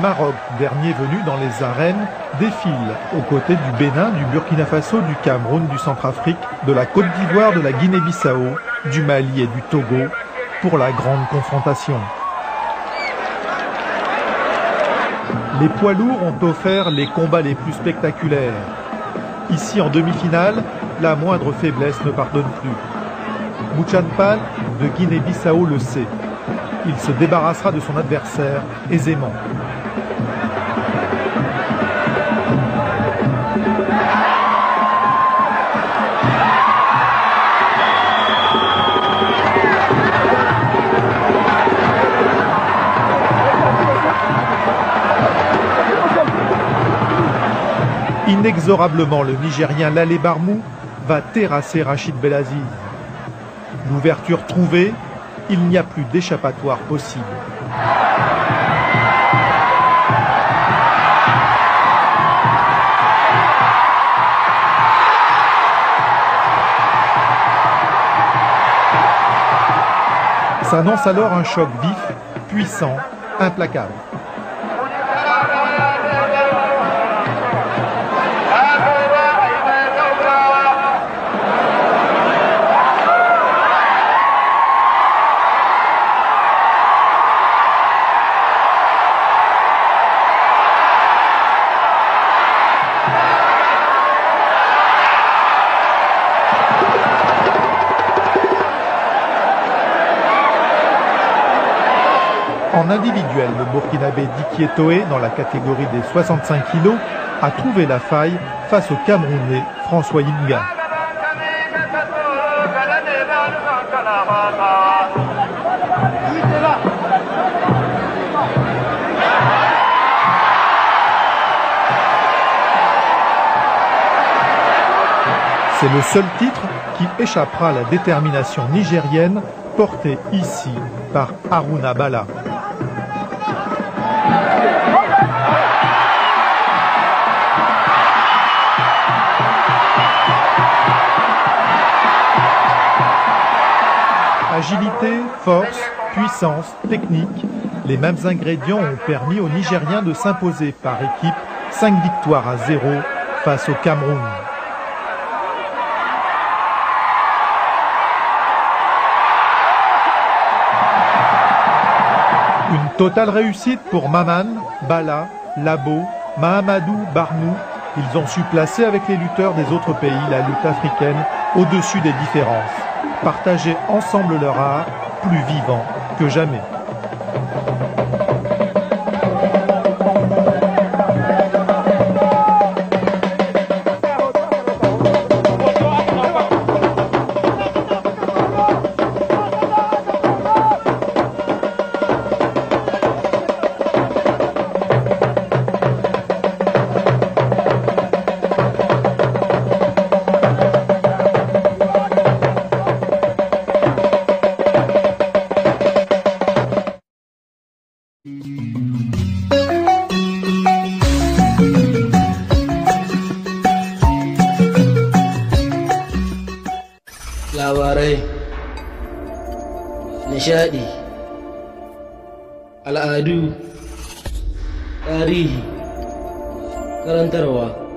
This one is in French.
Maroc, dernier venu dans les arènes, défile aux côtés du Bénin, du Burkina Faso, du Cameroun, du Centrafrique, de la Côte d'Ivoire, de la Guinée-Bissau, du Mali et du Togo pour la grande confrontation. Les poids lourds ont offert les combats les plus spectaculaires. Ici, en demi-finale, la moindre faiblesse ne pardonne plus. Mouchanpan de Guinée-Bissau le sait. Il se débarrassera de son adversaire aisément. inexorablement, le Nigérien Lalé Barmou va terrasser Rachid Belaziz. L'ouverture trouvée, il n'y a plus d'échappatoire possible. S'annonce alors un choc vif, puissant, implacable. En individuel, le Burkinabé d'Ikietoé, dans la catégorie des 65 kg, a trouvé la faille face au Camerounais François Inga. C'est le seul titre qui échappera à la détermination nigérienne portée ici par Haruna Bala. Agilité, force, puissance, technique, les mêmes ingrédients ont permis aux Nigériens de s'imposer par équipe 5 victoires à 0 face au Cameroun. Une totale réussite pour Maman, Bala, Labo, Mahamadou, Barnou. Ils ont su placer avec les lutteurs des autres pays la lutte africaine au-dessus des différences partager ensemble leur art, plus vivant que jamais. Labarai, nishadi, al'adu, tarihi, karantarwa.